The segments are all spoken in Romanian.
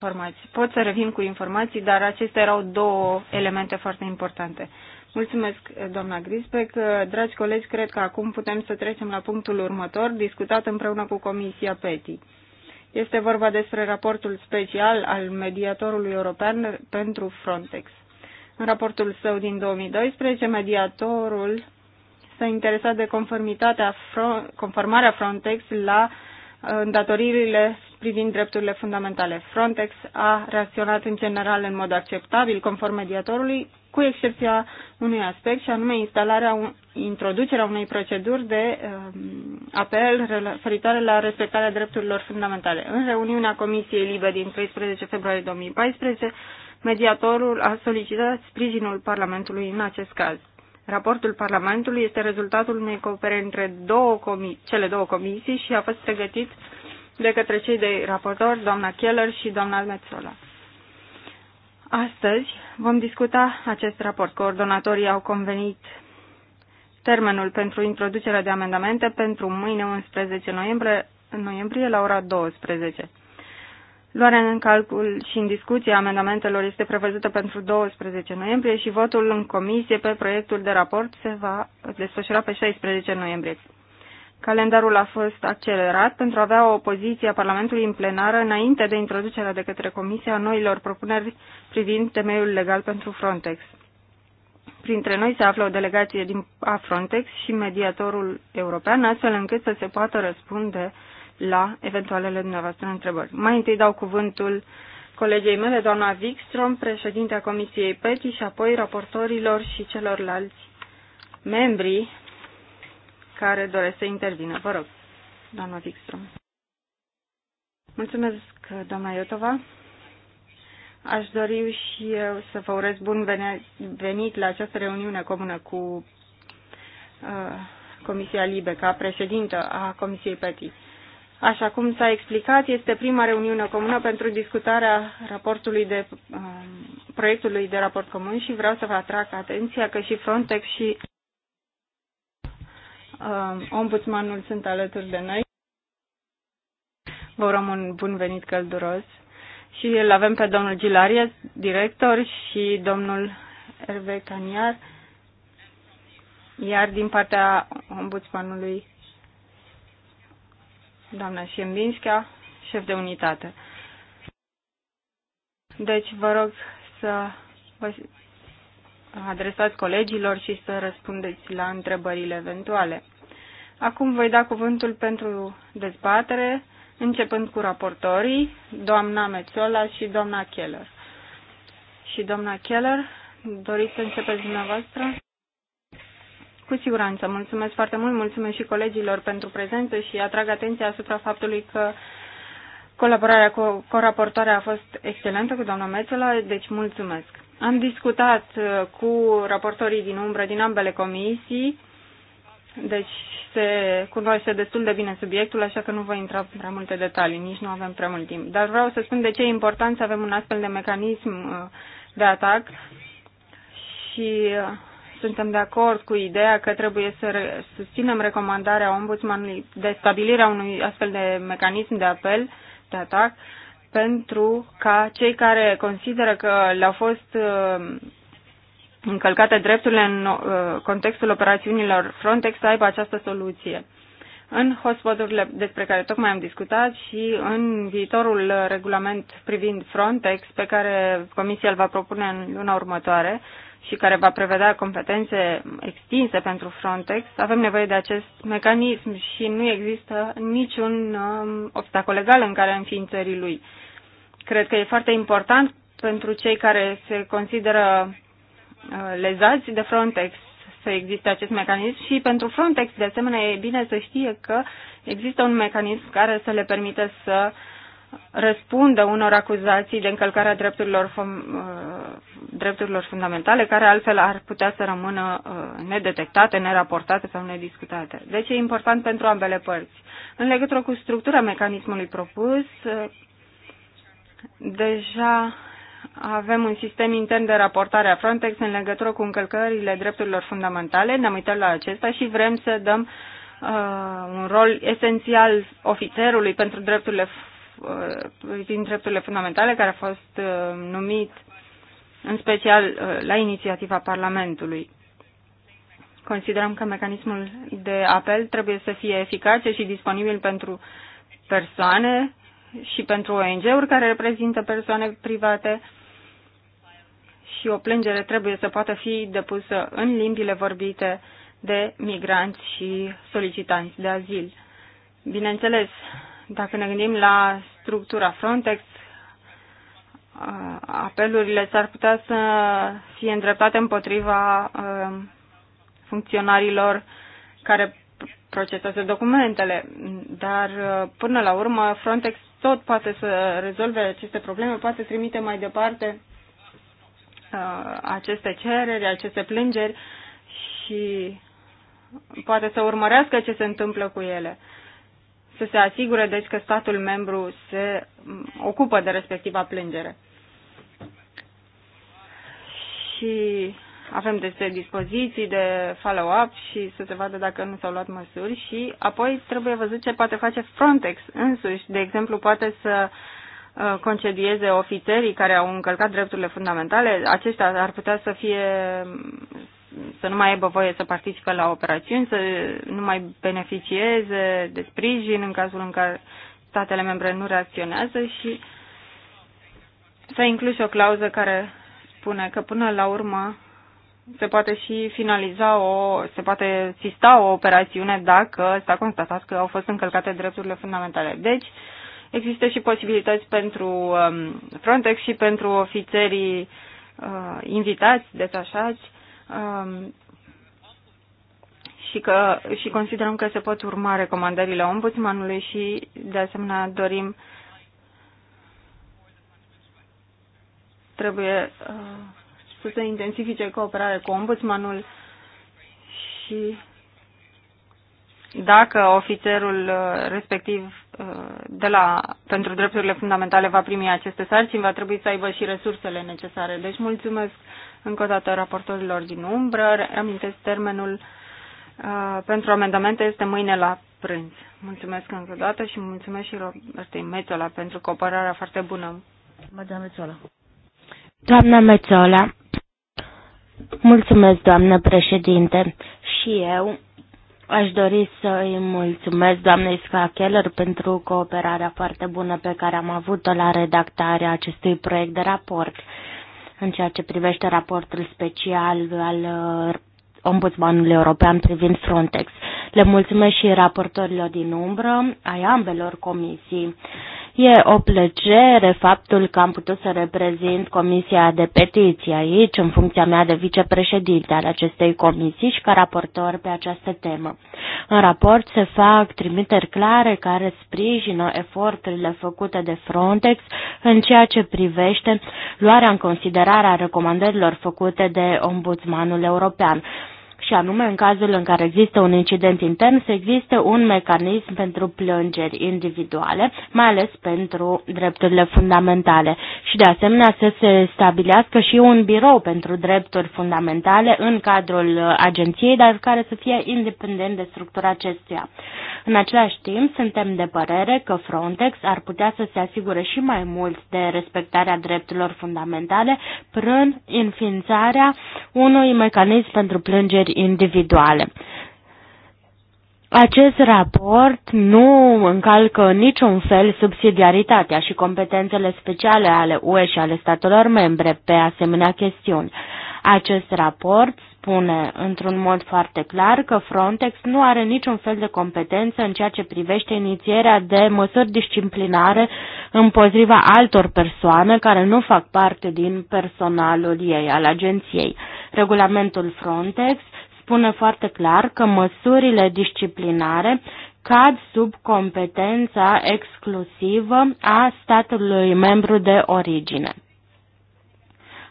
informații. Pot să revin cu informații, dar acestea erau două elemente foarte importante. Mulțumesc, doamna Grisbeck. Dragi colegi, cred că acum putem să trecem la punctul următor, discutat împreună cu Comisia PETI. Este vorba despre raportul special al mediatorului european pentru Frontex. În raportul său din 2012, mediatorul s-a interesat de conformitatea, conformarea Frontex la îndatoririle privind drepturile fundamentale. Frontex a reacționat în general în mod acceptabil, conform mediatorului, cu excepția unui aspect, și anume instalarea, introducerea unei proceduri de uh, apel referitoare la respectarea drepturilor fundamentale. În reuniunea Comisiei Libe din 13 februarie 2014, mediatorul a solicitat sprijinul Parlamentului în acest caz. Raportul Parlamentului este rezultatul unei coopere între două cele două comisii și a fost pregătit de către cei de raportori, doamna Keller și doamna Metzola. Astăzi vom discuta acest raport. Coordonatorii au convenit termenul pentru introducerea de amendamente pentru mâine 11 noiembrie, noiembrie la ora 12. Luarea în calcul și în discuție amendamentelor este prevăzută pentru 12 noiembrie și votul în comisie pe proiectul de raport se va desfășura pe 16 noiembrie. Calendarul a fost accelerat pentru a avea o opoziție a Parlamentului în plenară înainte de introducerea de către Comisia noilor propuneri privind temeiul legal pentru Frontex. Printre noi se află o delegație din, a Frontex și mediatorul european, astfel încât să se poată răspunde la eventualele dumneavoastră întrebări. Mai întâi dau cuvântul colegei mele, doamna Wikstrom, președintea Comisiei PETI și apoi raportorilor și celorlalți membri care doresc să intervină. Vă rog, doamna Wikström. Mulțumesc, doamna Iotova. Aș dori și eu să vă urez bun venit la această reuniune comună cu uh, Comisia Libe, ca președintă a Comisiei PETI. Așa cum s-a explicat, este prima reuniune comună pentru discutarea raportului de, um, proiectului de raport comun și vreau să vă atrag atenția că și Frontex și um, ombudsmanul sunt alături de noi. Vă urăm un bun venit călduros. Și îl avem pe domnul Gilarie, director, și domnul Erve Caniar, iar din partea ombudsmanului doamna Șembinschea, șef de unitate. Deci vă rog să vă adresați colegilor și să răspundeți la întrebările eventuale. Acum voi da cuvântul pentru dezbatere, începând cu raportorii, doamna Mețola și doamna Keller. Și doamna Keller, doriți să începeți dumneavoastră? Cu siguranță. Mulțumesc foarte mult, mulțumesc și colegilor pentru prezență și atrag atenția asupra faptului că colaborarea cu coraportoarea a fost excelentă cu doamna Mețela, deci mulțumesc. Am discutat uh, cu raportorii din umbră din ambele comisii, deci se cunoaște destul de bine subiectul, așa că nu voi intra prea multe detalii, nici nu avem prea mult timp. Dar vreau să spun de ce e important să avem un astfel de mecanism uh, de atac și uh, suntem de acord cu ideea că trebuie să re- susținem recomandarea ombudsmanului de stabilirea unui astfel de mecanism de apel, de atac, pentru ca cei care consideră că le-au fost uh, încălcate drepturile în uh, contextul operațiunilor Frontex să aibă această soluție. În hotspoturile despre care tocmai am discutat și în viitorul regulament privind Frontex, pe care Comisia îl va propune în luna următoare, și care va prevedea competențe extinse pentru Frontex, avem nevoie de acest mecanism și nu există niciun um, obstacol legal în care înființării lui. Cred că e foarte important pentru cei care se consideră uh, lezați de Frontex să existe acest mecanism și pentru Frontex, de asemenea, e bine să știe că există un mecanism care să le permite să uh, răspundă unor acuzații de încălcarea drepturilor, uh, drepturilor fundamentale, care altfel ar putea să rămână uh, nedetectate, neraportate sau nediscutate. Deci e important pentru ambele părți. În legătură cu structura mecanismului propus, uh, deja avem un sistem intern de raportare a Frontex în legătură cu încălcările drepturilor fundamentale, ne-am uitat la acesta și vrem să dăm uh, un rol esențial ofițerului pentru drepturile privind uh, drepturile fundamentale, care a fost uh, numit în special uh, la inițiativa Parlamentului. Considerăm că mecanismul de apel trebuie să fie eficace și disponibil pentru persoane și pentru ONG-uri care reprezintă persoane private și o plângere trebuie să poată fi depusă în limbile vorbite de migranți și solicitanți de azil. Bineînțeles, dacă ne gândim la structura Frontex, uh, apelurile s-ar putea să fie îndreptate împotriva uh, funcționarilor care procesează documentele, dar uh, până la urmă Frontex tot poate să rezolve aceste probleme, poate trimite mai departe aceste cereri, aceste plângeri și poate să urmărească ce se întâmplă cu ele. Uh, să se asigure, deci, că statul membru se ocupă de respectiva plângere. Și avem despre dispoziții de follow-up și să se vadă dacă nu s-au luat măsuri și apoi trebuie văzut ce poate face Frontex însuși. De exemplu, poate să uh, concedieze ofițerii care au încălcat drepturile fundamentale. Aceștia ar putea să fie să nu mai aibă voie să participe la operațiuni, să nu mai beneficieze de sprijin în cazul în care statele membre nu reacționează și să a inclus o clauză care spune că până la urmă se poate și finaliza o, se poate sista o operațiune dacă s-a constatat că au fost încălcate drepturile fundamentale. Deci, există și posibilități pentru um, Frontex și pentru ofițerii uh, invitați, detașați, um, și, că, și considerăm că se pot urma recomandările ombudsmanului și, de asemenea, dorim trebuie uh, să se intensifice cooperarea cu ombudsmanul și dacă ofițerul uh, respectiv uh, de la, pentru drepturile fundamentale va primi aceste sarcini, va trebui să aibă și resursele necesare. Deci mulțumesc încă o dată raportorilor din umbră. Amintesc termenul uh, pentru amendamente este mâine la prânz. Mulțumesc încă o dată și mulțumesc și Robertei Mețola pentru cooperarea foarte bună. Doamna Mețola. Doamna Mețola, mulțumesc, doamnă președinte, și eu Aș dori să îi mulțumesc doamnei Ska Keller pentru cooperarea foarte bună pe care am avut-o la redactarea acestui proiect de raport în ceea ce privește raportul special al uh, Ombudsmanului European privind Frontex. Le mulțumesc și raportorilor din umbră, ai ambelor comisii. E o plăcere faptul că am putut să reprezint Comisia de Petiții aici, în funcția mea de vicepreședinte al acestei comisii și ca raportor pe această temă. În raport se fac trimiteri clare care sprijină eforturile făcute de Frontex în ceea ce privește luarea în considerare a recomandărilor făcute de Ombudsmanul European și anume în cazul în care există un incident intern să existe un mecanism pentru plângeri individuale, mai ales pentru drepturile fundamentale și de asemenea să se stabilească și un birou pentru drepturi fundamentale în cadrul agenției, dar care să fie independent de structura acesteia. În același timp, suntem de părere că Frontex ar putea să se asigure și mai mult de respectarea drepturilor fundamentale prin înființarea unui mecanism pentru plângeri individuale. Acest raport nu încalcă în niciun fel subsidiaritatea și competențele speciale ale UE și ale statelor membre pe asemenea chestiuni. Acest raport spune într-un mod foarte clar că Frontex nu are niciun fel de competență în ceea ce privește inițierea de măsuri disciplinare împotriva altor persoane care nu fac parte din personalul ei, al agenției. Regulamentul Frontex spune foarte clar că măsurile disciplinare cad sub competența exclusivă a statului membru de origine.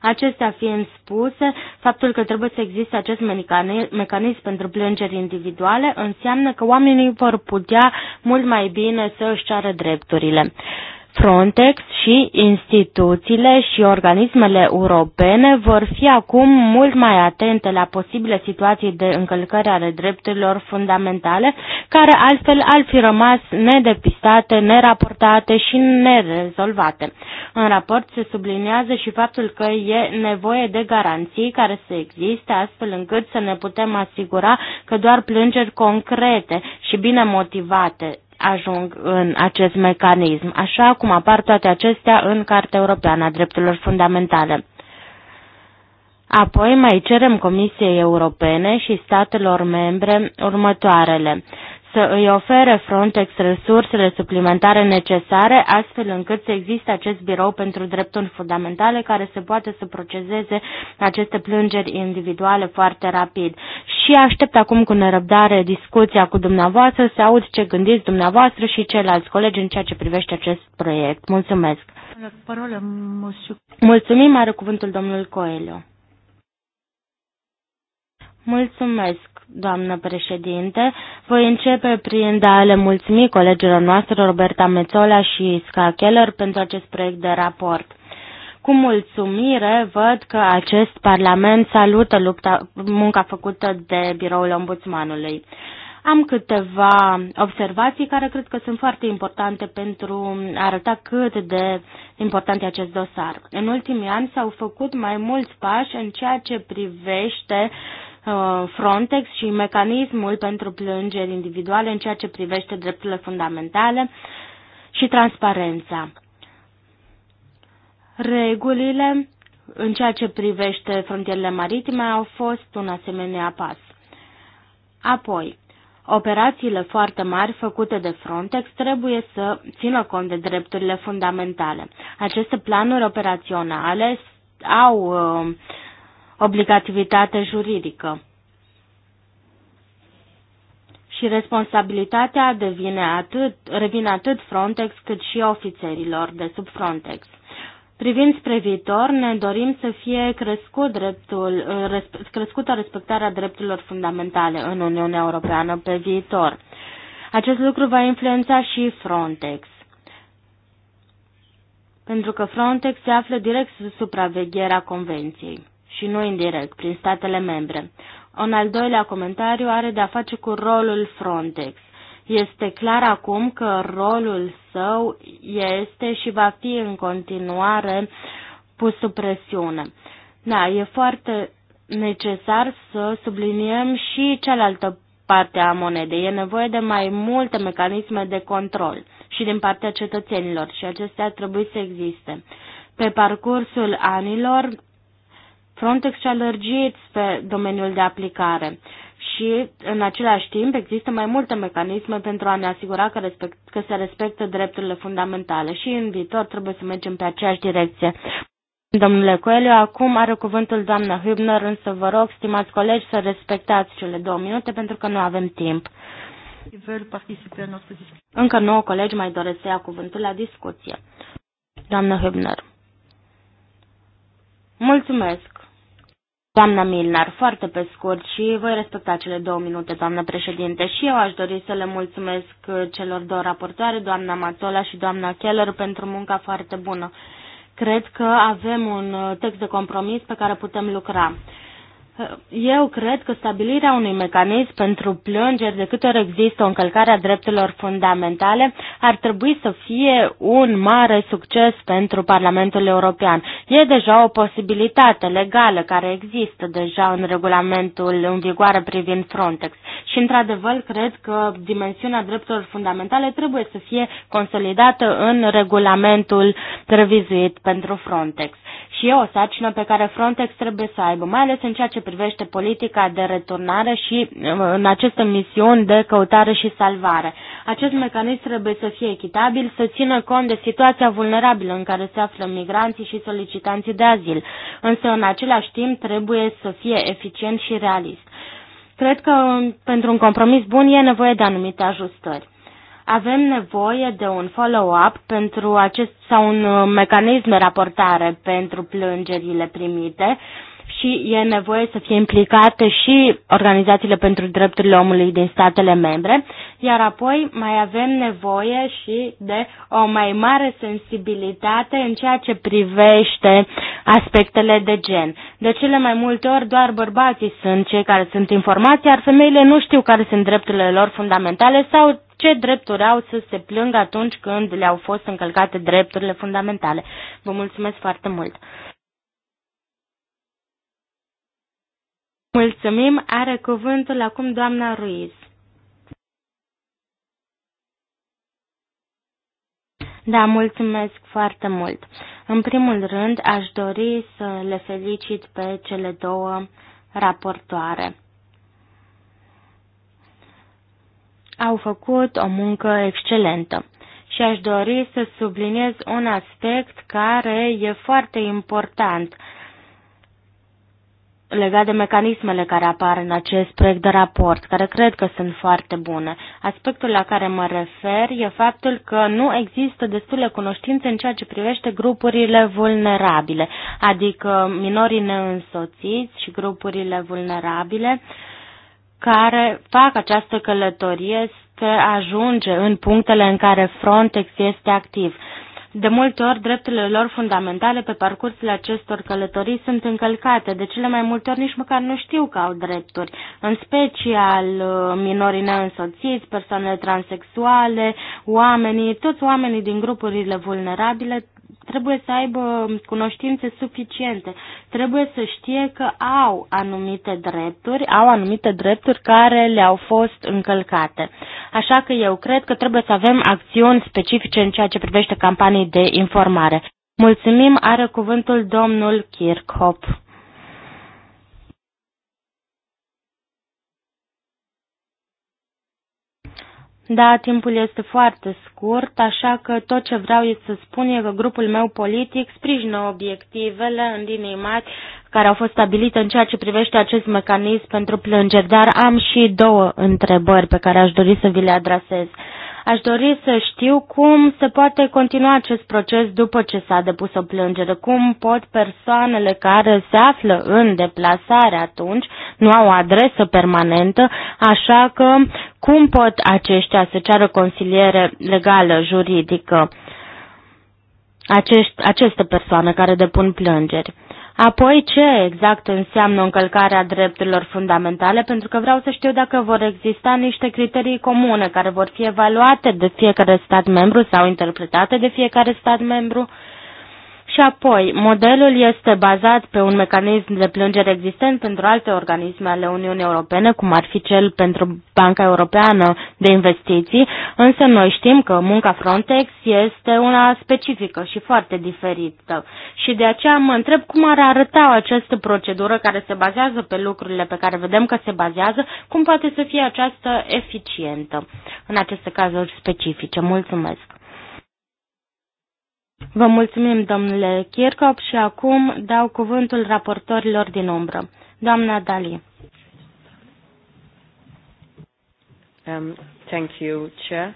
Acestea fiind spuse, faptul că trebuie să existe acest mecanism pentru plângeri individuale înseamnă că oamenii vor putea mult mai bine să își ceară drepturile. Frontex și instituțiile și organismele europene vor fi acum mult mai atente la posibile situații de încălcări ale drepturilor fundamentale, care altfel ar fi rămas nedepistate, neraportate și nerezolvate. În raport se subliniază și faptul că e nevoie de garanții care să existe, astfel încât să ne putem asigura că doar plângeri concrete și bine motivate ajung în acest mecanism, așa cum apar toate acestea în Cartea Europeană a Drepturilor Fundamentale. Apoi mai cerem Comisiei Europene și statelor membre următoarele să îi ofere Frontex resursele suplimentare necesare, astfel încât să existe acest birou pentru drepturi fundamentale care se poate să proceseze aceste plângeri individuale foarte rapid. Și aștept acum cu nerăbdare discuția cu dumneavoastră, să aud ce gândiți dumneavoastră și ceilalți colegi în ceea ce privește acest proiect. Mulțumesc! Mulțumim, are cuvântul domnul Coelho. Mulțumesc, doamnă președinte. Voi începe prin a le mulțumi colegilor noastre, Roberta Mețola și Isca Keller, pentru acest proiect de raport. Cu mulțumire văd că acest Parlament salută lupta, munca făcută de biroul ombudsmanului. Am câteva observații care cred că sunt foarte importante pentru a arăta cât de important e acest dosar. În ultimii ani s-au făcut mai mulți pași în ceea ce privește uh, Uh, Frontex și mecanismul pentru plângeri individuale în ceea ce privește drepturile fundamentale și transparența. Regulile în ceea ce privește frontierele maritime au fost un asemenea pas. Apoi, operațiile foarte mari făcute de Frontex trebuie să țină cont de drepturile fundamentale. Aceste planuri operaționale au uh, obligativitate juridică. Și responsabilitatea devine atât, revine atât Frontex cât și ofițerilor de sub Frontex. Privind spre viitor, ne dorim să fie crescut dreptul, crescută respectarea drepturilor fundamentale în Uniunea Europeană pe viitor. Acest lucru va influența și Frontex. Pentru că Frontex se află direct sub supravegherea Convenției și nu indirect, prin statele membre. Un al doilea comentariu are de-a face cu rolul Frontex. Este clar acum că rolul său este și va fi în continuare pus sub presiune. Da, e foarte necesar să subliniem și cealaltă parte a monedei. E nevoie de mai multe mecanisme de control și din partea cetățenilor și acestea trebuie să existe. Pe parcursul anilor Frontex și-a lărgit pe domeniul de aplicare și, în același timp, există mai multe mecanisme pentru a ne asigura că, respect, că se respectă drepturile fundamentale și, în viitor, trebuie să mergem pe aceeași direcție. Domnule Coelho, acum are cuvântul doamna Hübner, însă vă rog, stimați colegi, să respectați cele două minute pentru că nu avem timp. Încă nouă colegi mai doresc să ia cuvântul la discuție. Doamna Hübner. Mulțumesc. Doamna Milnar, foarte pe scurt și voi respecta cele două minute, doamnă președinte, și eu aș dori să le mulțumesc celor două raportoare, doamna Matola și doamna Keller, pentru munca foarte bună. Cred că avem un text de compromis pe care putem lucra. Eu cred că stabilirea unui mecanism pentru plângeri de câte ori există o încălcare a drepturilor fundamentale ar trebui să fie un mare succes pentru Parlamentul European. E deja o posibilitate legală care există deja în regulamentul în vigoare privind Frontex. Și într-adevăr cred că dimensiunea drepturilor fundamentale trebuie să fie consolidată în regulamentul revizuit pentru Frontex și e o sarcină pe care Frontex trebuie să aibă, mai ales în ceea ce privește politica de returnare și uh, în aceste misiuni de căutare și salvare. Acest mecanism trebuie să fie echitabil, să țină cont de situația vulnerabilă în care se află migranții și solicitanții de azil, însă în același timp trebuie să fie eficient și realist. Cred că um, pentru un compromis bun e nevoie de anumite ajustări. Avem nevoie de un follow-up pentru acest sau un uh, mecanism de raportare pentru plângerile primite și e nevoie să fie implicate și organizațiile pentru drepturile omului din statele membre, iar apoi mai avem nevoie și de o mai mare sensibilitate în ceea ce privește aspectele de gen. De cele mai multe ori doar bărbații sunt cei care sunt informați, iar femeile nu știu care sunt drepturile lor fundamentale sau ce drepturi au să se plângă atunci când le-au fost încălcate drepturile fundamentale. Vă mulțumesc foarte mult! Mulțumim, are cuvântul acum doamna Ruiz. Da, mulțumesc foarte mult. În primul rând, aș dori să le felicit pe cele două raportoare. au făcut o muncă excelentă. Și aș dori să subliniez un aspect care e foarte important legat de mecanismele care apar în acest proiect de raport, care cred că sunt foarte bune. Aspectul la care mă refer e faptul că nu există destule cunoștințe în ceea ce privește grupurile vulnerabile, adică minorii neînsoțiți și grupurile vulnerabile. Uh, care fac această călătorie spre a ajunge în punctele în care Frontex este activ. De multe ori, drepturile lor fundamentale pe parcursul acestor călătorii sunt încălcate. De cele mai multe ori nici măcar nu știu că au drepturi, în special uh, minorii neînsoțiți, persoanele transexuale, oamenii, toți oamenii din grupurile vulnerabile trebuie să aibă cunoștințe suficiente, trebuie să știe că au anumite drepturi, au anumite drepturi care le-au fost încălcate. Așa că eu cred că trebuie să avem acțiuni specifice în ceea ce privește campanii de informare. Mulțumim, are cuvântul domnul Kirchhoff. Da, timpul este foarte scurt, așa că tot ce vreau este să spun e că grupul meu politic sprijină obiectivele în linii mari care au fost stabilite în ceea ce privește acest mecanism pentru plângeri, dar am și două întrebări pe care aș dori să vi le adresez. Uh, Aș dori să știu cum se poate continua acest proces după ce s-a depus o plângere, cum pot persoanele care se află în deplasare atunci, nu au o adresă permanentă, așa că cum pot aceștia să ceară consiliere legală, juridică, acești, aceste persoane care depun plângeri. Apoi, ce exact înseamnă încălcarea drepturilor fundamentale? Pentru că vreau să știu dacă vor exista niște criterii comune care vor fi evaluate de fiecare stat membru sau interpretate de fiecare stat membru. Și apoi, modelul este bazat pe un mecanism de plângere existent pentru alte organisme ale Uniunii Europene, cum ar fi cel pentru Banca Europeană de Investiții, însă noi știm că munca Frontex este una specifică și foarte diferită. Și de aceea mă întreb cum ar arăta această procedură care se bazează pe lucrurile pe care vedem că se bazează, cum poate să fie aceasta eficientă în aceste cazuri specifice. Mulțumesc! Vă mulțumim, domnule Kirchhoff, și acum dau cuvântul raportorilor din umbră. Doamna Dali. Um, thank you, Chair.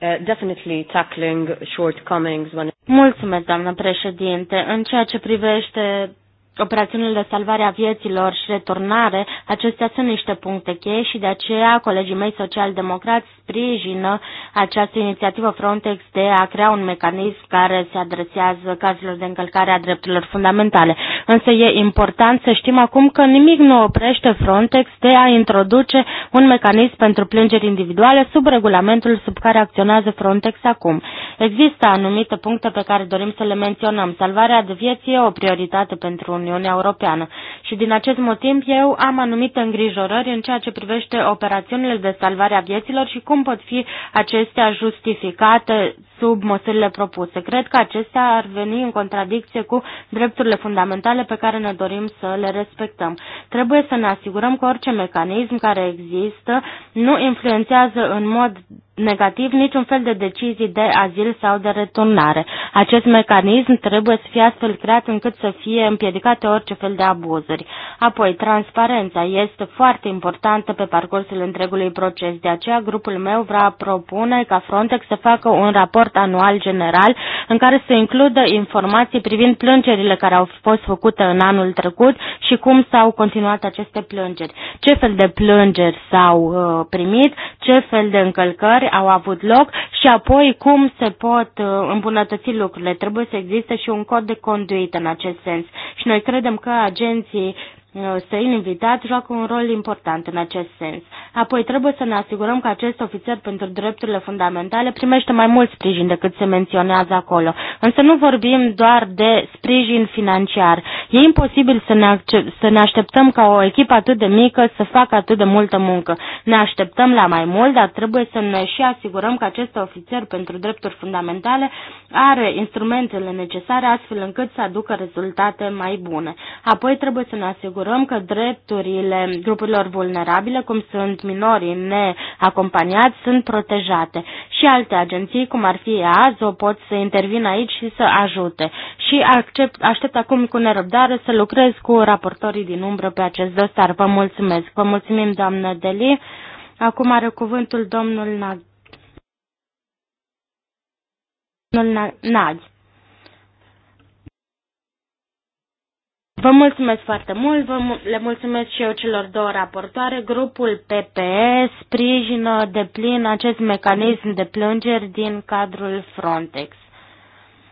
Uh, definitely tackling shortcomings when Mulțumesc, doamnă președinte. În ceea ce privește operațiunile de salvare a vieților și returnare, acestea sunt niște puncte cheie și de aceea colegii mei social-democrați sprijină această inițiativă Frontex de a crea un mecanism care se adresează cazurilor de încălcare a drepturilor fundamentale. Însă e important să știm acum că nimic nu oprește Frontex de a introduce un mecanism pentru plângeri individuale sub regulamentul sub care acționează Frontex acum. Există anumite puncte pe care dorim să le menționăm. Salvarea de vieți e o prioritate pentru Uniunea Europeană și din acest motiv eu am anumite îngrijorări în ceea ce privește operațiunile de salvare a vieților și cum pot fi acestea justificate sub măsurile propuse. Cred că acestea ar veni în contradicție cu drepturile fundamentale pe care ne dorim să le respectăm. Trebuie să ne asigurăm că orice mecanism care există nu influențează în mod negativ niciun fel de decizii de azil sau de returnare. Acest mecanism trebuie să fie astfel creat încât să fie împiedicate orice fel de abuzuri. Apoi, transparența este foarte importantă pe parcursul întregului proces. De aceea, grupul meu vrea propune ca Frontex să facă un raport anual general în care să includă informații privind plângerile care au fost făcute în anul trecut și cum s-au continuat aceste plângeri. Ce fel de plângeri s-au uh, primit, ce fel de încălcări au avut loc și apoi cum se pot uh, îmbunătăți lucrurile. Trebuie să existe și un cod de conduită în acest sens. Și noi credem că agenții Uh, străini invitați joacă un rol important în acest sens. Apoi trebuie să ne asigurăm că acest ofițer pentru drepturile fundamentale primește mai mult sprijin decât se menționează acolo. Însă nu vorbim doar de sprijin financiar. E imposibil să ne, să ne așteptăm ca o echipă atât de mică să facă atât de multă muncă. Ne așteptăm la mai mult, dar trebuie să ne și asigurăm că acest ofițer pentru drepturi fundamentale are instrumentele necesare astfel încât să aducă rezultate mai bune. Apoi trebuie să ne asigurăm asigurăm că drepturile grupurilor vulnerabile, cum sunt minorii neacompaniați, sunt protejate. Și alte agenții, cum ar fi EASO, pot să intervină aici și să ajute. Și accept, aștept acum cu nerăbdare să lucrez cu raportorii din umbră pe acest dosar. Vă mulțumesc. Vă mulțumim, doamnă Deli. Acum are cuvântul domnul Nag. Domnul Nag. Vă mulțumesc foarte mult, vă, le mulțumesc și eu celor două raportoare. Grupul PPE sprijină de plin acest mecanism de plângeri din cadrul Frontex.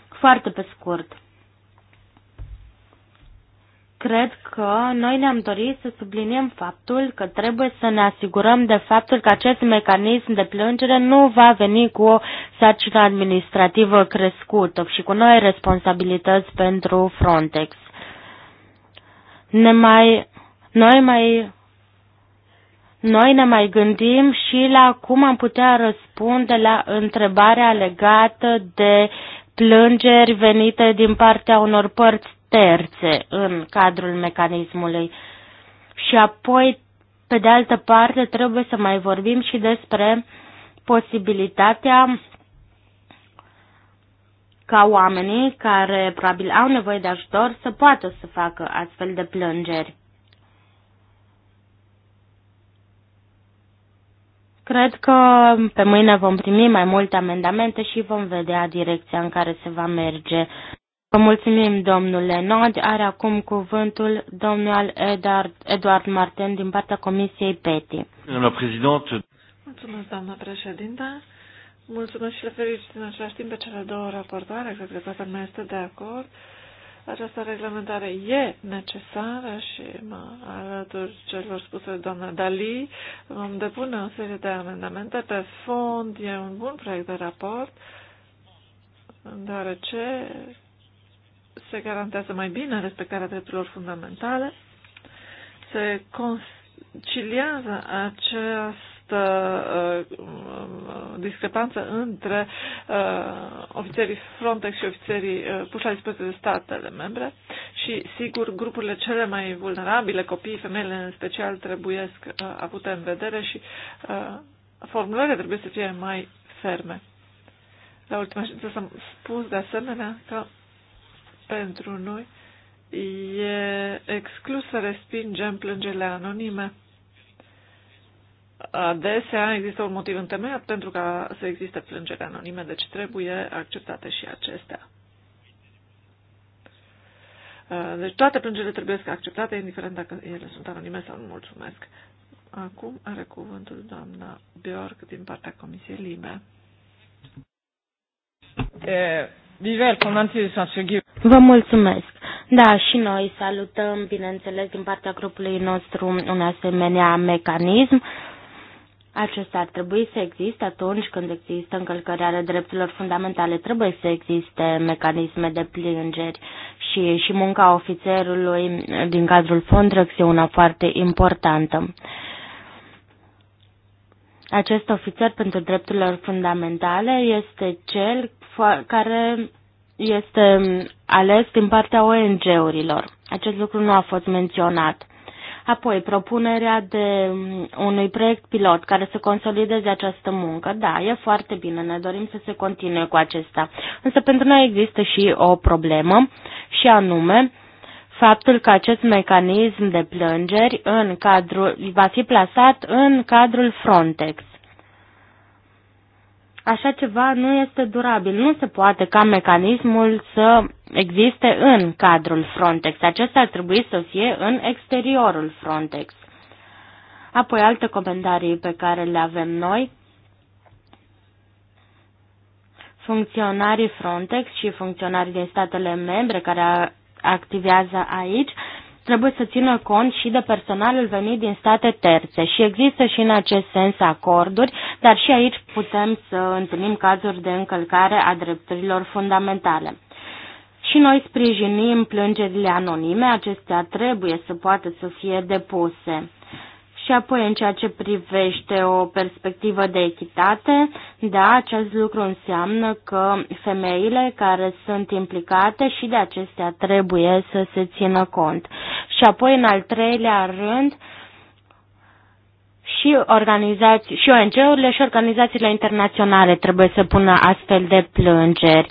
Foarte pe scurt. Cred că noi ne-am dorit să subliniem faptul că trebuie să ne asigurăm de faptul că acest mecanism de plângere nu va veni cu o sarcină administrativă crescută și cu noi responsabilități pentru Frontex ne mai, noi mai noi ne mai gândim și la cum am putea răspunde la întrebarea legată de plângeri venite din partea unor părți terțe în cadrul mecanismului. Și apoi, pe de altă parte, trebuie să mai vorbim și despre posibilitatea ca oamenii care probabil au nevoie de ajutor să poată să facă astfel de plângeri. Cred că pe mâine vom primi mai multe amendamente și vom vedea direcția în care se va merge. Vă mulțumim, domnule Nod. Are acum cuvântul domnul Edard, Eduard Martin din partea Comisiei PETI. Mulțumesc, doamna președinte. Mulțumesc și le felicit în același timp pe cele două raportoare, cred că toată lumea este de acord. Această reglementare e necesară și mă alături celor spuse de doamna Dali. Vom depune o serie de amendamente pe fond. E un bun proiect de raport, deoarece se garantează mai bine respectarea drepturilor fundamentale, se conciliază acest această uh, discrepanță între uh, ofițerii Frontex și ofițerii uh, puși la dispoziție de statele membre și, sigur, grupurile cele mai vulnerabile, copiii, femeile în special, trebuie uh, avute în vedere și uh, formulările trebuie să fie mai ferme. La ultima ședință s-am spus de asemenea că pentru noi e exclus să respingem plângele anonime adesea există un motiv întemeiat pentru ca să existe plângeri anonime, deci trebuie acceptate și acestea. Deci toate plângerile trebuie să acceptate, indiferent dacă ele sunt anonime sau nu. Mulțumesc. Acum are cuvântul doamna Bjork din partea Comisiei Libe. Eh, Vă mulțumesc. Da, și noi salutăm, bineînțeles, din partea grupului nostru un asemenea mecanism. Acesta ar trebui să existe atunci când există încălcări ale drepturilor fundamentale. Trebuie să existe mecanisme de plângeri și, și munca ofițerului din cadrul Fondrex e una foarte importantă. Acest ofițer pentru drepturile fundamentale este cel care este ales din partea ONG-urilor. Acest lucru nu a fost menționat. Apoi, propunerea de um, unui proiect pilot care să consolideze această muncă. Da, e foarte bine, ne dorim să se continue cu acesta. Însă pentru noi există și o problemă și anume faptul că acest mecanism de plângeri în cadrul, va fi plasat în cadrul Frontex Așa ceva nu este durabil. Nu se poate ca mecanismul să existe în cadrul Frontex. Acesta ar trebui să fie în exteriorul Frontex. Apoi alte comentarii pe care le avem noi. Funcționarii Frontex și funcționarii din statele membre care activează aici trebuie să țină cont și de personalul venit din state terțe și există și în acest sens acorduri, dar și aici putem să întâlnim cazuri de încălcare a drepturilor fundamentale. Și noi sprijinim plângerile anonime, acestea trebuie să poată să fie depuse. Și apoi, în ceea ce privește o perspectivă de echitate, da, acest lucru înseamnă că femeile care sunt implicate și de acestea trebuie să se țină cont. Și apoi, în al treilea rând, și organizați, și ONG-urile și organizațiile internaționale trebuie să pună astfel de plângeri.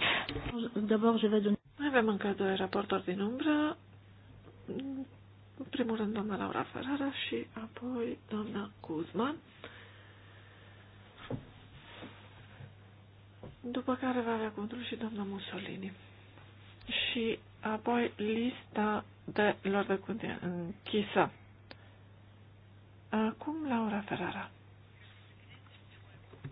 Mai avem încă doi raportori din umbră. În primul rând, doamna Laura Ferrara și apoi doamna Guzman. După care va avea cuvântul și doamna Mussolini. Și apoi lista de lor de cuvânt închisă. Acum Laura Ferrara.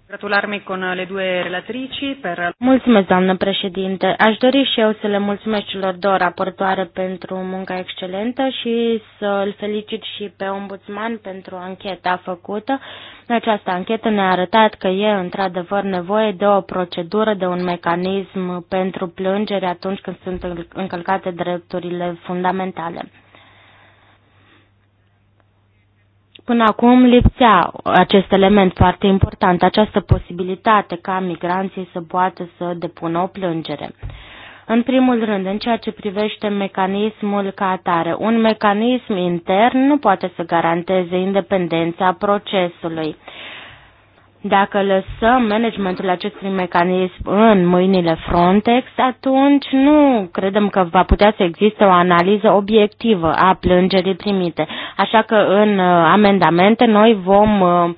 Gratularmi con le due relatrici per... Mulțumesc, doamnă președinte. Aș dori și eu să le mulțumesc celor două raportoare pentru munca excelentă și să îl felicit și pe ombudsman pentru ancheta făcută. Această anchetă ne-a arătat că e într-adevăr nevoie de o procedură, de un mecanism pentru plângere atunci când sunt încălcate drepturile fundamentale. Până acum lipsea acest element foarte important, această posibilitate ca migranții să poată să depună o plângere. În primul rând, în ceea ce privește mecanismul ca atare, un mecanism intern nu poate să garanteze independența procesului. Dacă lăsăm managementul acestui mecanism în mâinile Frontex, atunci nu credem că va putea să existe o analiză obiectivă a plângerii primite. Așa că în uh, amendamente noi vom, uh,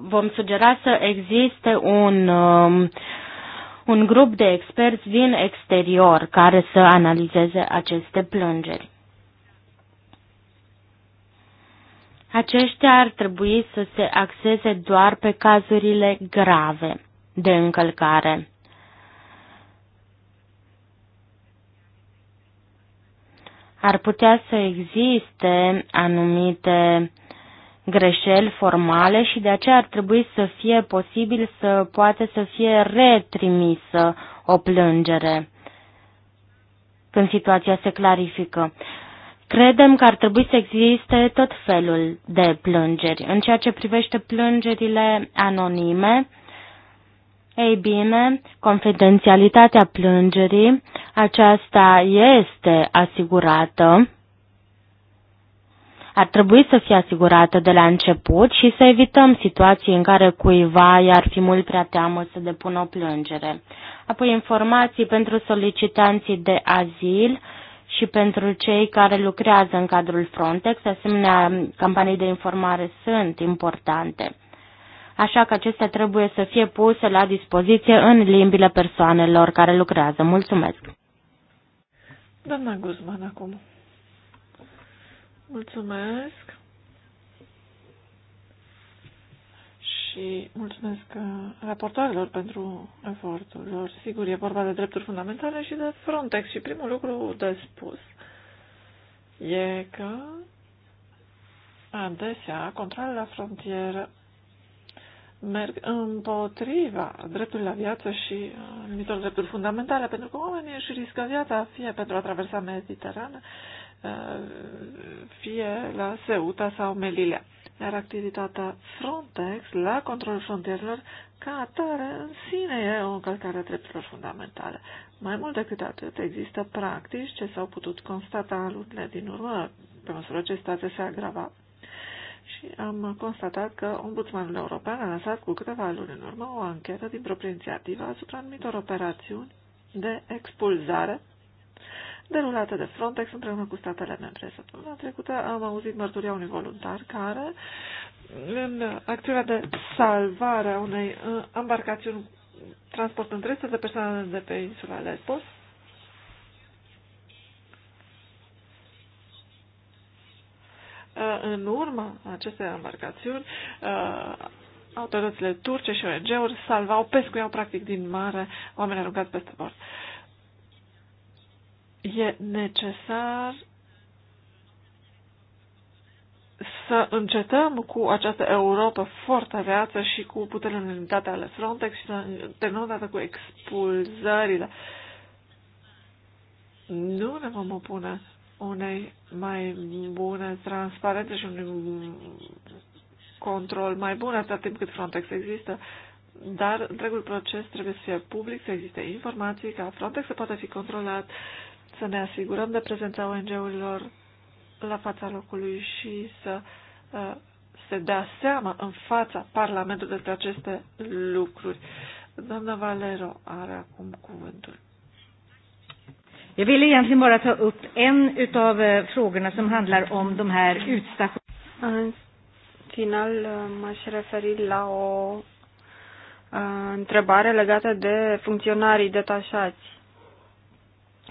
vom sugera să existe un, um, un grup de experți din exterior care să analizeze aceste plângeri. Aceștia ar trebui să se axeze doar pe cazurile grave de încălcare. Ar putea să existe anumite greșeli formale și de aceea ar trebui să fie posibil să poate să fie retrimisă o plângere când situația se clarifică. Credem că ar trebui să existe tot felul de plângeri. În ceea ce privește plângerile anonime, ei bine, confidențialitatea plângerii, aceasta este asigurată ar trebui să fie asigurată de la început și să evităm situații în care cuiva i-ar fi mult prea teamă să depună o plângere. Apoi informații pentru solicitanții de azil și pentru cei care lucrează în cadrul Frontex. Asemenea, campanii de informare sunt importante. Așa că acestea trebuie să fie puse la dispoziție în limbile persoanelor care lucrează. Mulțumesc! Doamna Guzman, acum. Mulțumesc. și mulțumesc uh, raportoarelor pentru efortul lor. Sigur, e vorba de drepturi fundamentale și de Frontex și primul lucru de spus e că adesea controlele la frontieră merg împotriva dreptului la viață și uh, anumitor drepturi fundamentale, pentru că oamenii își riscă viața fie pentru a traversa Mediterana, uh, fie la Seuta sau Melilea. Iar activitatea Frontex la controlul frontierelor ca atare în sine e o încălcare a drepturilor fundamentale. Mai mult decât atât, există practici ce s-au putut constata lunile din urmă, pe măsură ce state se agrava. Și am constatat că Ombudsmanul European a lansat cu câteva luni în urmă o anchetă din proprie inițiativă asupra anumitor operațiuni de expulzare derulate de Frontex împreună cu statele membre. Săptămâna trecută am auzit mărturia unui voluntar care, în acțiunea de salvare a unei uh, embarcațiuni transportând 300 de persoane de pe insula Lesbos, uh, în urma acestei embarcațiuni, uh, autoritățile turce și ONG-uri salvau, pescuiau practic din mare oameni aruncați peste bord. Uh, e necesar să încetăm cu această Europa reață și cu în unitate ale Frontex și să terminăm dată cu expulzările. Nu ne vom opune unei mai bune transparențe și unui control mai bun atât timp cât Frontex există, dar întregul proces trebuie să fie public, să existe informații, ca Frontex să poată fi controlat să ne asigurăm de prezența ONG-urilor la fața locului și să uh, se dea seama în fața Parlamentului despre aceste lucruri. Doamna Valero are acum cuvântul. Eu vreau egentligen bara ta upp en utav eh, frågorna som handlar om de här utstationerna. final eh, m-aș referi la o eh, întrebare legată de funcționarii detașați.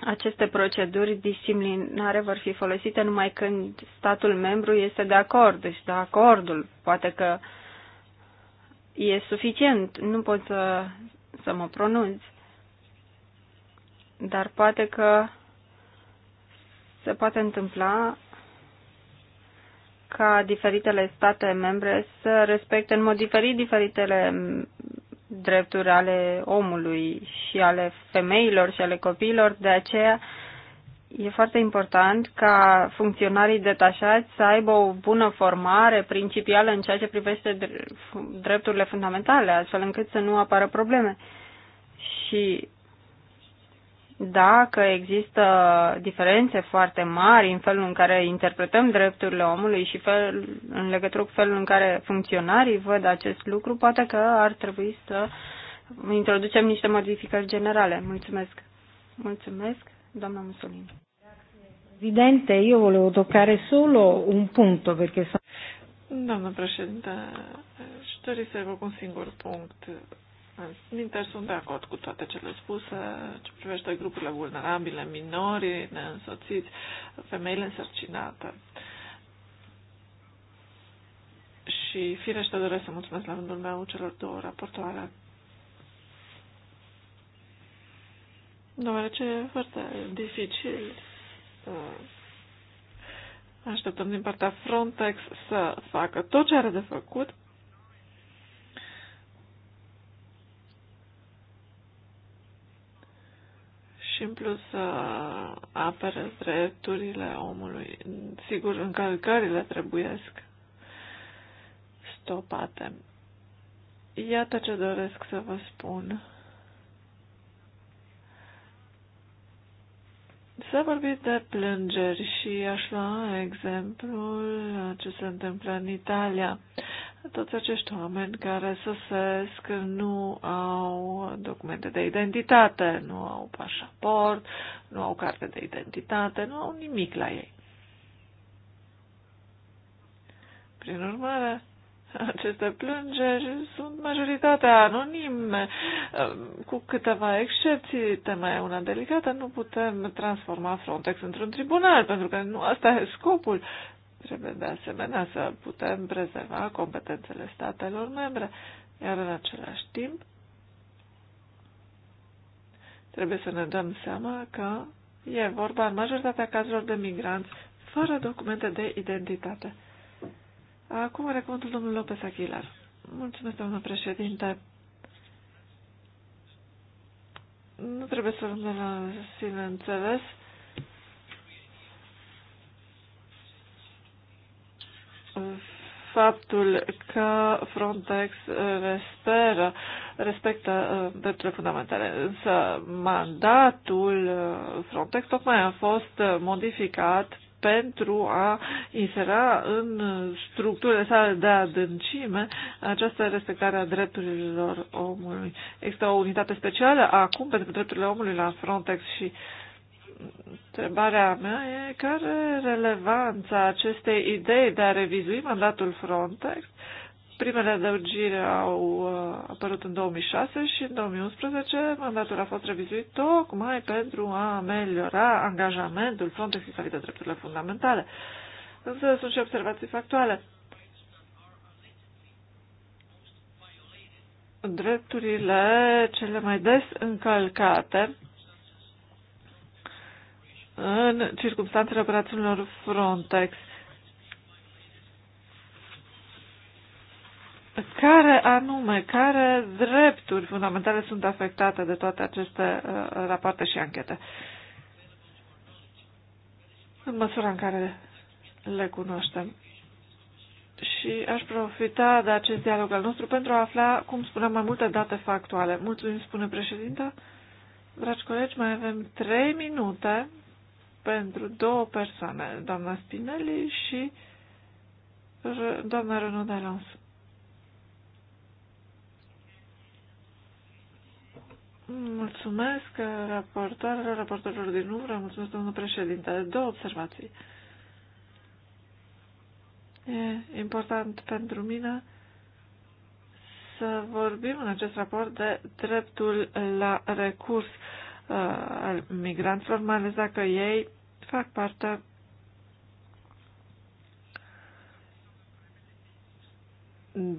Aceste proceduri disciplinare vor fi folosite numai când statul membru este de acord, deci de da, acordul. Poate că e suficient, nu pot să, să mă pronunț, dar poate că se poate întâmpla ca diferitele state membre să respecte în mod diferit diferitele drepturi ale omului și ale femeilor și ale copiilor, de aceea e foarte important ca funcționarii detașați să aibă o bună formare principială în ceea ce privește drepturile fundamentale, astfel încât să nu apară probleme. Și dacă există diferențe foarte mari în felul în care interpretăm drepturile omului și fel, în legătură cu felul în care funcționarii văd acest lucru, poate că ar trebui să introducem niște modificări generale. Mulțumesc. Mulțumesc, doamna Mussolini. Presidente, io volevo toccare solo un punto perché că Doamna președinte, aș dori să evoc un singur punct Minter, sunt de acord cu toate cele spuse ce privește grupurile vulnerabile, minorii, neînsoțiți, femeile însărcinate. Și firește doresc să mulțumesc la rândul meu celor două raportoare. Deoarece e foarte dificil uh, Așteptăm din partea Frontex să facă tot ce are de făcut și în plus să uh, apere drepturile omului. Sigur, încălcările trebuiesc stopate. Iată ce doresc să vă spun. S-a vorbit de plângeri și aș lua exemplul ce se întâmplă în Italia toți acești oameni care sosesc nu au documente de identitate, nu au pașaport, nu au carte de identitate, nu au nimic la ei. Prin urmare, aceste plângeri sunt majoritatea anonime, cu câteva excepții. Tema e una delicată, nu putem transforma Frontex într-un tribunal, pentru că nu asta e scopul. Trebuie de asemenea să putem prezerva competențele statelor membre, iar în același timp trebuie să ne dăm seama că e vorba în majoritatea cazurilor de migranți fără documente de identitate. Acum are cuvântul domnul Lopez Aguilar. Mulțumesc, doamnă președinte. Nu trebuie să luăm de la sine înțeles. faptul că Frontex uh, respectă, respectă uh, drepturile fundamentale. Însă mandatul uh, Frontex tocmai a fost modificat pentru a insera în structurile sale de adâncime această respectare a drepturilor omului. Există o unitate specială acum pentru drepturile omului la Frontex și uh, Întrebarea mea e care relevanța acestei idei de a revizui mandatul Frontex. Primele adăugiri au uh, apărut în 2006 și în 2011 mandatul a fost revizuit tocmai pentru a ameliora angajamentul Frontex vis de drepturile fundamentale. Însă sunt și observații factuale. Drepturile cele mai des încălcate în circunstanțele operațiunilor Frontex. Care anume, care drepturi fundamentale sunt afectate de toate aceste uh, rapoarte și anchete? În măsura în care le cunoaștem. Și aș profita de acest dialog al nostru pentru a afla, cum spuneam, mai multe date factuale. Mulțumim, spune președinta. Dragi colegi, mai avem trei minute pentru două persoane, doamna Spinelli și doamna Renaud Dalons. Mulțumesc raportoarele raportorilor din umbră, mulțumesc domnul președinte. Două observații. E important pentru mine să vorbim în acest raport de dreptul la recurs Uh, al migranților, mai ales dacă ei fac parte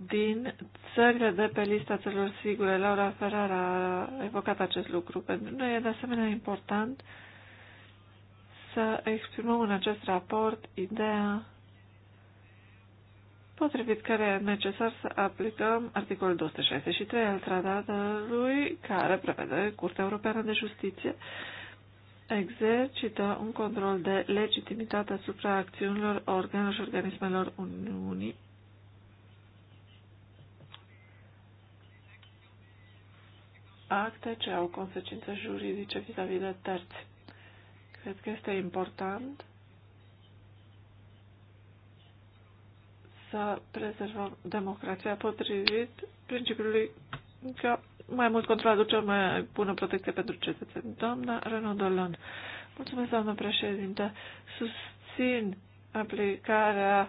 din țările de pe lista țărilor sigure. Laura Ferrara a evocat acest lucru. Pentru noi e de asemenea important să exprimăm în acest raport ideea potrivit care e necesar să aplicăm articolul 263 al tratatului care prevede Curtea Europeană de Justiție exercită un control de legitimitate asupra acțiunilor organelor și organismelor Uniunii acte ce au consecințe juridice vis-a-vis -vis de terți. Cred că este important să prezervăm democrația potrivit principiului că mai mult control aduce o mai bună protecție pentru cetățeni. Doamna Renodolon, mulțumesc, doamnă președinte, susțin aplicarea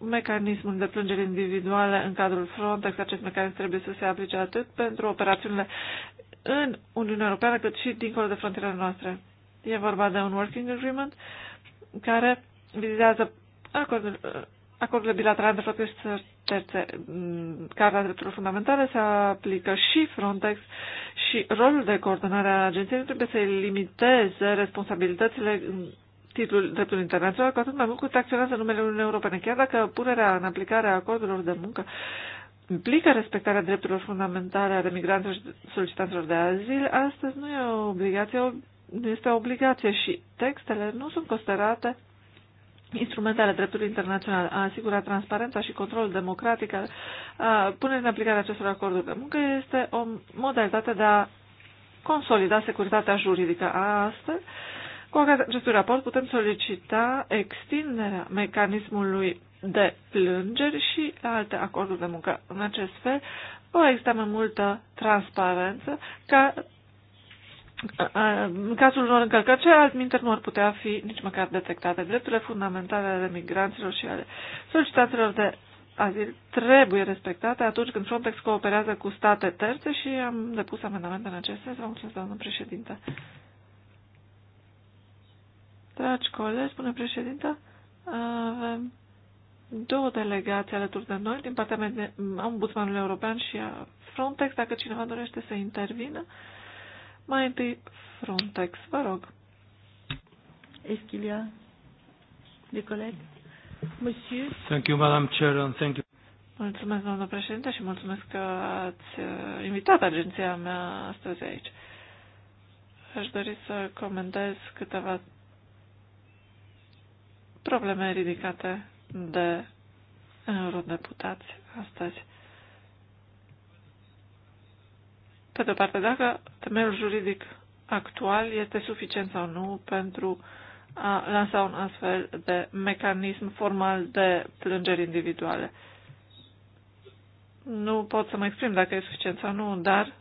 mecanismul de plângeri individuale în cadrul Frontex. Acest mecanism trebuie să se aplice atât pentru operațiunile în Uniunea Europeană, cât și dincolo de frontierele noastre. E vorba de un working agreement care vizează acordul acordurile bilaterale de propriu terțe. Mm, Carta drepturilor fundamentale se aplică și Frontex și rolul de coordonare a agenției nu trebuie să limiteze responsabilitățile în titlul dreptului internațional, cu atât mai mult cât acționează numele Uniunii Europene. Chiar dacă punerea în aplicare a acordurilor de muncă implică respectarea drepturilor fundamentale ale migranților și solicitanților de azil, astăzi nu e o obligație, nu este o obligație și textele nu sunt considerate instrumente ale dreptului internațional, a asigura transparența și controlul democratic, a, punerii pune în aplicare acestor acorduri de muncă, este o modalitate de a consolida securitatea juridică. Astăzi, cu acestui raport putem solicita extinderea mecanismului de plângeri și alte acorduri de muncă. În acest fel, va exista mai multă transparență ca în cazul unor încălcări, celelalte minteri nu ar putea fi nici măcar detectate. Drepturile fundamentale ale migranților și ale solicitanților de azil trebuie respectate atunci când Frontex cooperează cu state terțe și am depus amendamente în acest sens. Vă mulțumesc, doamnă președinte. Dragi colegi, spune președinte, avem două delegații alături de noi din partea Ombudsmanului European și a Frontex. Dacă cineva dorește să intervină, mai întâi Frontex, vă rog. Eschilia, de coleg. Monsieur. Thank you, Madam Chair, and thank you. Mulțumesc, doamnă președinte, și mulțumesc că ați uh, invitat agenția mea astăzi aici. Aș dori să comentez câteva probleme ridicate de eurodeputați astăzi. Pe de o parte, dacă temelul juridic actual este suficient sau nu pentru a lansa un astfel de mecanism formal de plângeri individuale. Nu pot să mă exprim dacă e suficient sau nu, dar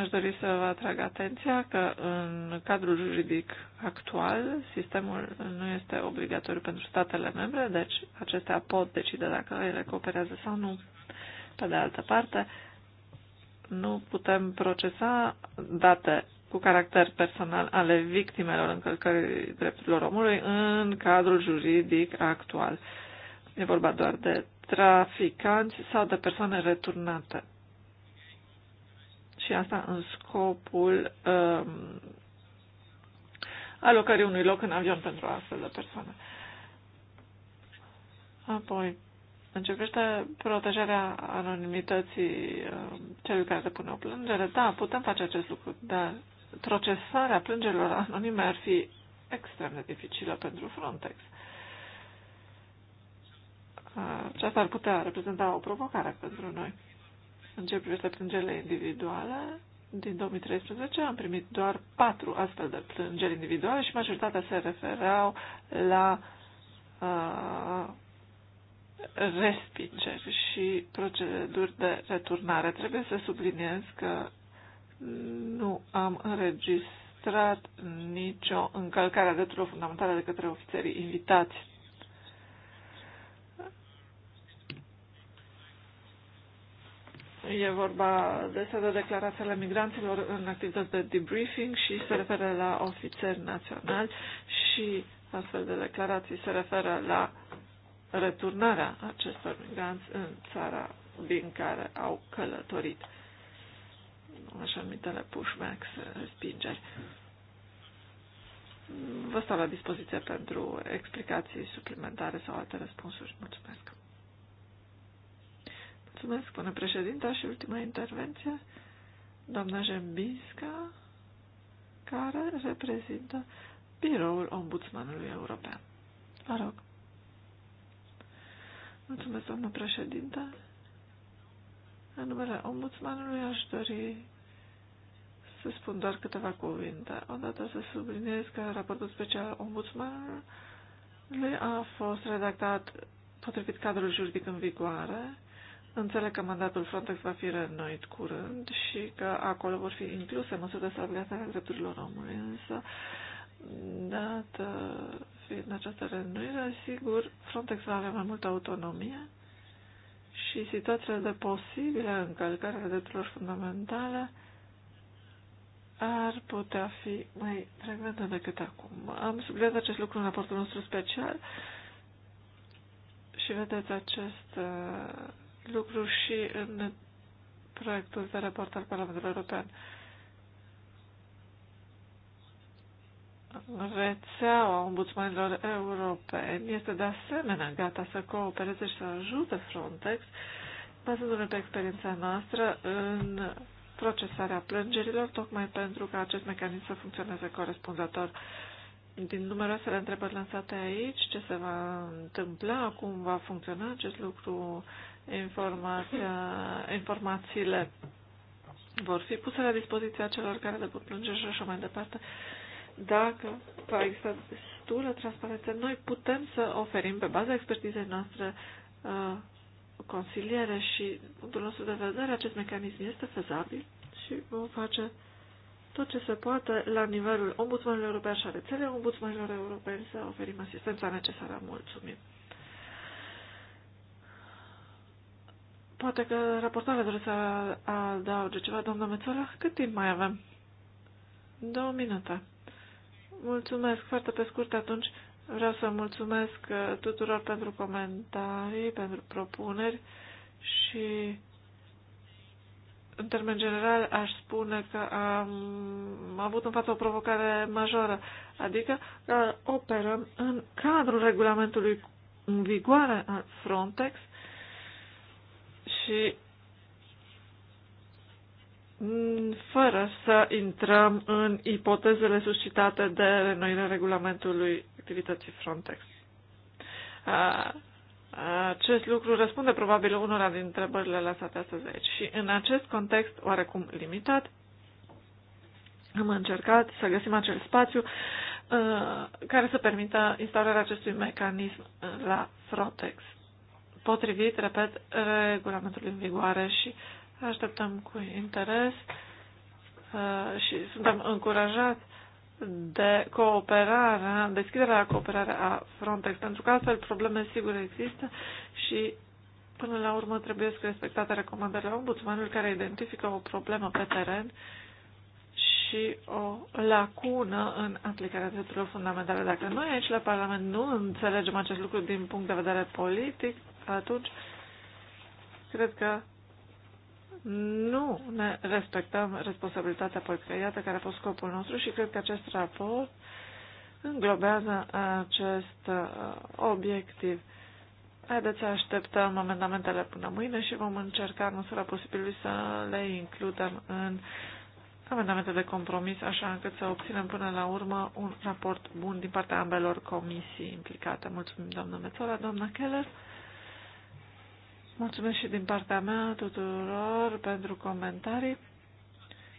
aș dori să vă atrag atenția că în cadrul juridic actual sistemul nu este obligatoriu pentru statele membre, deci acestea pot decide dacă ele cooperează sau nu. Pe de altă parte, nu putem procesa date cu caracter personal ale victimelor încălcării drepturilor omului în cadrul juridic actual. E vorba doar de traficanți sau de persoane returnate. Și asta în scopul um, alocării unui loc în avion pentru astfel de persoane. Apoi, privește protejarea anonimității um, celui care depune o plângere. Da, putem face acest lucru, dar procesarea plângerilor anonime ar fi extrem de dificilă pentru Frontex. Uh, aceasta ar putea reprezenta o provocare pentru noi. În ce privește plângerile individuale, din 2013 am primit doar patru astfel de plângeri individuale și majoritatea se refereau la uh, respingeri și proceduri de returnare. Trebuie să subliniez că nu am înregistrat nicio încălcare a drepturilor fundamentale de către ofițerii invitați. E vorba despre de declarațiile migranților în activități de debriefing și se referă la ofițeri naționali și astfel de declarații se referă la returnarea acestor migranți în țara din care au călătorit. Așa numitele pushbacks, respingeri. Vă stau la dispoziție pentru explicații suplimentare sau alte răspunsuri. Mulțumesc. Mulțumesc, până președinta și ultima intervenție, doamna Jembinska, care reprezintă biroul Ombudsmanului European. Vă rog. Mulțumesc, doamnă președinte. În numele ombudsmanului aș dori să spun doar câteva cuvinte. Odată să subliniez că raportul special ombudsmanului a fost redactat potrivit cadrul juridic în vigoare. Înțeleg că mandatul Frontex va fi renoit curând și că acolo vor fi incluse măsuri de salvgardare a drepturilor omului, însă dată în această renuire, sigur, Frontex va avea mai multă autonomie și situațiile de posibile încălcare ale drepturilor fundamentale ar putea fi mai frecvente decât acum. Am subliniat acest lucru în raportul nostru special și vedeți acest uh, lucru și în proiectul de raport al Parlamentului European. rețeaua ombudsmanilor europeni este de asemenea gata să coopereze și să ajute Frontex, bazându-ne pe experiența noastră în procesarea plângerilor, tocmai pentru ca acest mecanism să funcționeze corespunzător. Din numeroasele întrebări lansate aici, ce se va întâmpla, cum va funcționa acest lucru, informațiile vor fi puse la dispoziția celor care depun plângeri și așa mai departe dacă va exista destulă transparență, noi putem să oferim pe baza expertizei noastre uh, consiliere și punctul nostru de vedere, acest mecanism este fezabil și vom face tot ce se poate la nivelul ombudsmanilor europeni și a rețelei ombudsmanilor europeni să oferim asistența necesară. Mulțumim! Poate că raportarea doresc să adauge ceva, doamna Mețola. Cât timp mai avem? Două minute. Mulțumesc. Foarte pe scurt atunci vreau să mulțumesc uh, tuturor pentru comentarii, pentru propuneri și în termen general aș spune că am avut în față o provocare majoră, adică că operăm în cadrul regulamentului în vigoare al Frontex și Mm, fără să intrăm în ipotezele suscitate de renoirea regulamentului activității Frontex. Acest lucru răspunde probabil unora din întrebările lăsate astăzi aici și în acest context oarecum limitat am încercat să găsim acel spațiu care să permită instaurarea acestui mecanism la Frontex, potrivit, repet, regulamentului în vigoare și uh, Așteptăm cu interes uh, și suntem încurajați de cooperarea, deschiderea la a Frontex, pentru că altfel probleme sigur există și până la urmă trebuie să respectate recomandările ombudsmanului care identifică o problemă pe teren și o lacună în aplicarea drepturilor fundamentale. Dacă noi aici la Parlament nu înțelegem acest lucru din punct de vedere politic, atunci cred că nu ne respectăm responsabilitatea politică. Iată care a fost scopul nostru și cred că acest raport înglobează acest uh, obiectiv. Haideți să așteptăm amendamentele până mâine și vom încerca în măsura posibilului să le includem în amendamente de compromis, așa încât să obținem până la urmă un raport bun din partea ambelor comisii implicate. Mulțumim, doamnă Mețola, doamnă Keller. Mulțumesc și din partea mea tuturor pentru comentarii.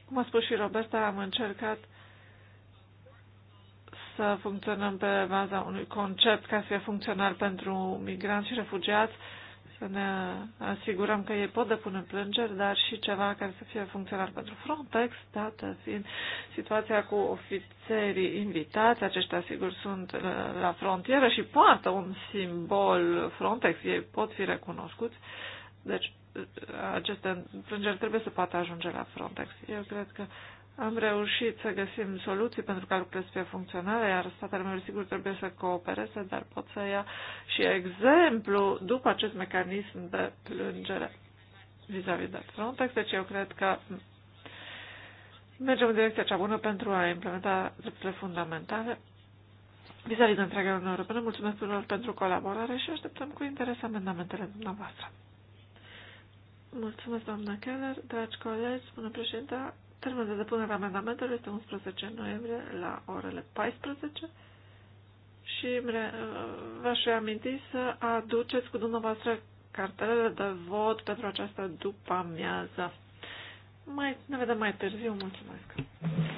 Cum a spus și Roberta, am încercat să funcționăm pe baza unui concept ca să fie funcțional pentru migranți și refugiați să ne asigurăm că ei pot depune plângeri, dar și ceva care să fie funcțional pentru Frontex, dată fiind situația cu ofițerii invitați, aceștia sigur sunt uh, la frontieră și poartă un simbol Frontex, ei pot fi recunoscuți. Deci uh, aceste plângeri trebuie să poată ajunge la Frontex. Eu cred că am reușit să găsim soluții pentru ca lucrurile să fie funcționale, iar statele membre sigur trebuie să coopereze, dar pot să ia și exemplu după acest mecanism de plângere vis-a-vis -vis de Frontex. Deci eu cred că mergem în direcția cea bună pentru a implementa drepturile fundamentale vis-a-vis -vis de întreaga Uniune Europeană. Mulțumesc tuturor pentru colaborare și așteptăm cu interes amendamentele dumneavoastră. Mulțumesc, doamna Keller, dragi colegi, bună președinte, Termenul de depunere a amendamentelor este 11 noiembrie la orele 14 și uh, v-aș reaminti să aduceți cu dumneavoastră cartelele de vot pentru această după amiază. Mai, ne vedem mai târziu. Mulțumesc!